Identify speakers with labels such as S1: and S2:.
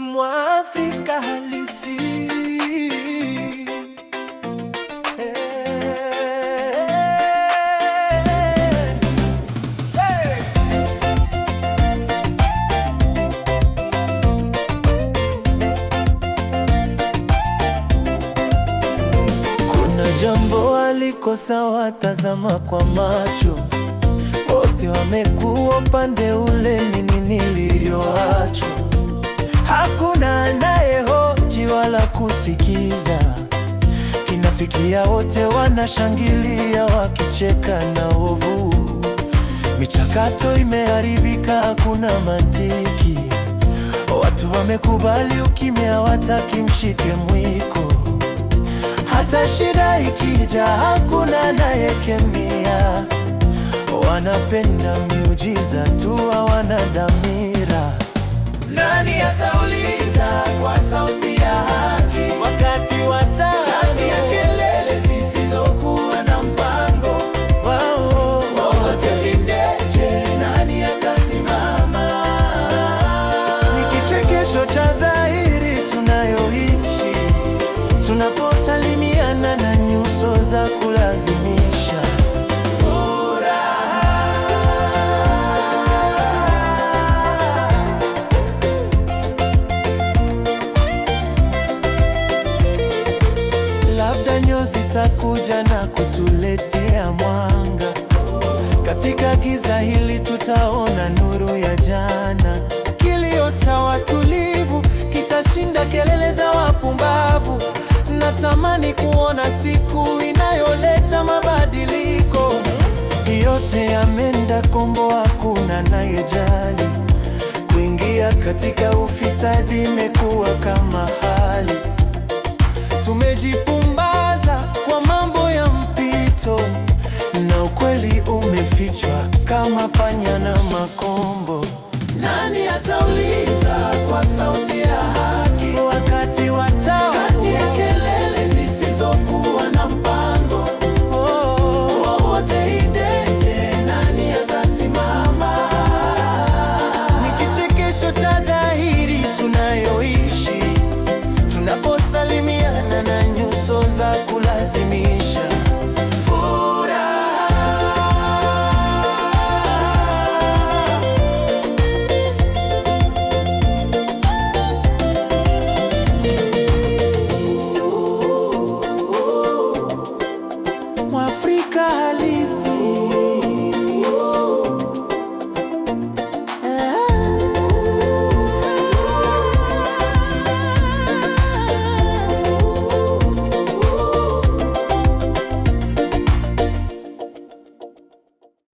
S1: Mwafrika halisi hey, hey. jambo walikosa watazama kwa macho wote wamekuwa upande ule, mimi nilioachwa kusikiza, kinafikia wote, wanashangilia wakicheka na ovu. Michakato imeharibika, hakuna mantiki. Watu wamekubali ukimya, wataki mshike mwiko. Hata shida ikija, hakuna anayekemia. Wanapenda miujiza tu, hawana dhamira. Nyukitanyo zitakuja na kutuletea mwanga. Katika giza hili tutaona nuru ya jana. Kilio cha watulivu kitashinda kelele za wapumbavu. Natamani kuona siku inayoleta mabadiliko. Yote yameenda kombo, hakuna anayejali. Kuingia katika ufisadi imekuwa kama hali tumejifunga kichwa kama panya na makombo.
S2: Nani atauliza kwa sauti ya
S1: África Alice.